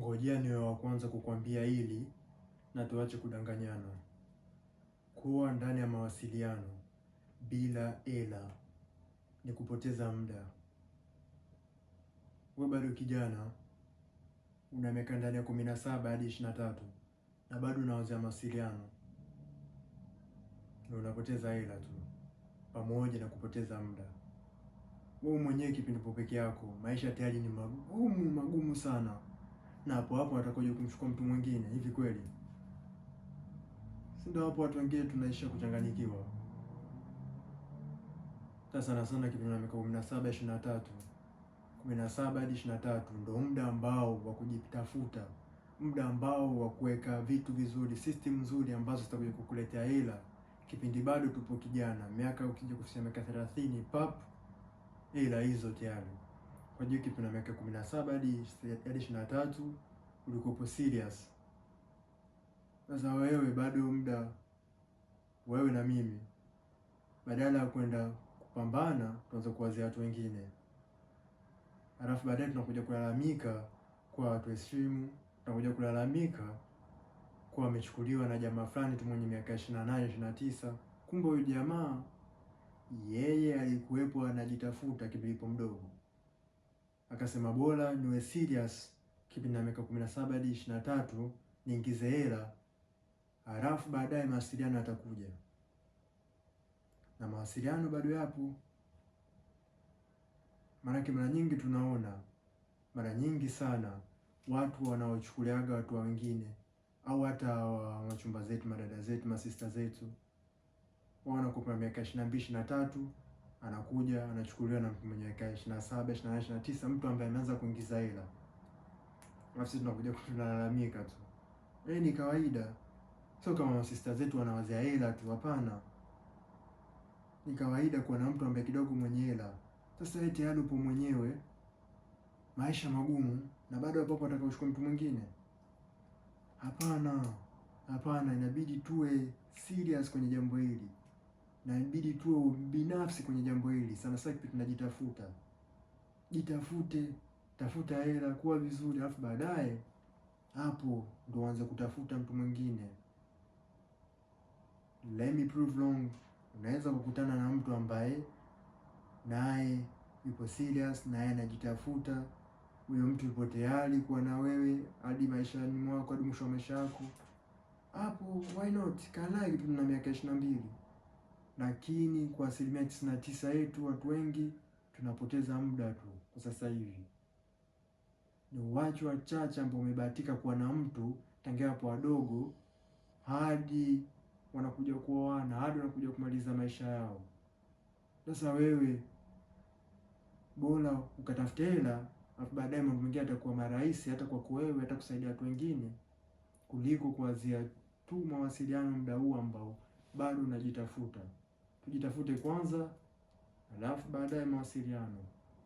Ngojea niwe wa kwanza kukwambia hili na tuache kudanganyana. Kuwa ndani ya mawasiliano bila ela ni kupoteza muda. We bado kijana, una miaka ndani ya kumi na saba hadi ishirini na tatu na bado unawazia mawasiliano, ndio unapoteza hela tu pamoja na kupoteza muda. Wewe mwenyewe kipindi upo peke yako, maisha tayari ni magumu magumu sana na hapo hapo atakuja kumchukua mtu mwingine. Hivi kweli, si ndio? Hapo watu wengine tunaisha kuchanganyikiwa. Sasa na sana kipindi na miaka kumi na saba ishirini na tatu kumi na saba hadi ishirini na tatu ndo muda ambao wa kujitafuta, muda ambao wa kuweka vitu vizuri, system nzuri ambazo zitakuja kukuletea hela kipindi bado tupo kijana. Miaka ukija kufikia miaka thelathini pap, hela hizo tayari kwa Juki tuna miaka 17 hadi hadi 23 ulikopo serious. Sasa wewe bado muda wewe na mimi, badala ya kwenda kupambana tuanze kuwazia watu wengine, alafu baadaye tunakuja kulalamika kwa watu esimu, tunakuja kulalamika kuwa amechukuliwa na jamaa fulani tu mwenye miaka 28 29. Kumbe huyu jamaa yeye alikuwepo anajitafuta kipilipo mdogo akasema bora niwe serious kipindi na miaka 17 hadi 23 niingize hela, halafu baadaye mawasiliano yatakuja. Na mawasiliano bado yapo, maanake mara nyingi tunaona, mara nyingi sana watu wanaochukuliaga watu wengine au hata wachumba zetu, madada zetu, masista zetu wanakupa miaka 22 tatu anakuja anachukuliwa na mtu mwenye miaka ishirini na saba ishirini na nane ishirini na tisa mtu ambaye ameanza kuingiza hela, alafu sisi tunakuja tunalalamika tu eh, ni kawaida. Sio kama masista zetu wanawazia hela tu, hapana. Ni kawaida kuwa na mtu ambaye kidogo mwenye hela. Sasa wewe tayari upo mwenyewe, maisha magumu, na bado hapo hapo atakaochukua mtu mwingine? Hapana, hapana, inabidi tuwe serious kwenye jambo hili na inabidi tuwe binafsi kwenye jambo hili sana sana, kipi tunajitafuta. Jitafute, tafuta hela, kuwa vizuri, alafu baadaye hapo ndo anza kutafuta mtu mwingine. Let me prove wrong. Unaweza kukutana na mtu ambaye naye yupo serious, naye anajitafuta. Huyo mtu yupo tayari kuwa na wewe hadi maishani mwako, hadi mwisho wa maisha yako. Hapo why not? Kaa kitu na miaka ishirini na mbili lakini kwa asilimia tisini na tisa yetu watu wengi tunapoteza muda tu kwa sasa hivi. Ni wachu wachache ambao wamebahatika kuwa na mtu tangia hapo wadogo hadi wanakuja kuoana hadi wanakuja kumaliza maisha yao. Sasa wewe bora ukatafuta hela afu baadaye mambo mengine atakuwa marahisi, hata kwako wewe, hata kusaidia watu wengine, kuliko kuanzia tu mawasiliano muda huu ambao bado unajitafuta jitafute kwanza, alafu baadaye mawasiliano.